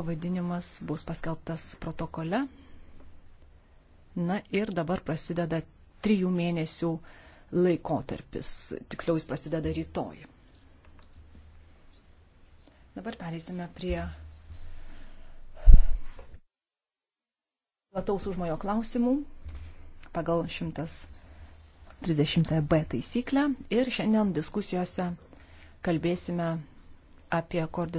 Pavadinimas bus paskelbtas protokole. Na ir dabar prasideda trijų mėnesių laikotarpis, tiksliau jis prasideda rytoj. Dabar pereisime prie plataus užmojo klausimų pagal 130b taisyklę ir šiandien diskusijose kalbėsime apie koordinatorių.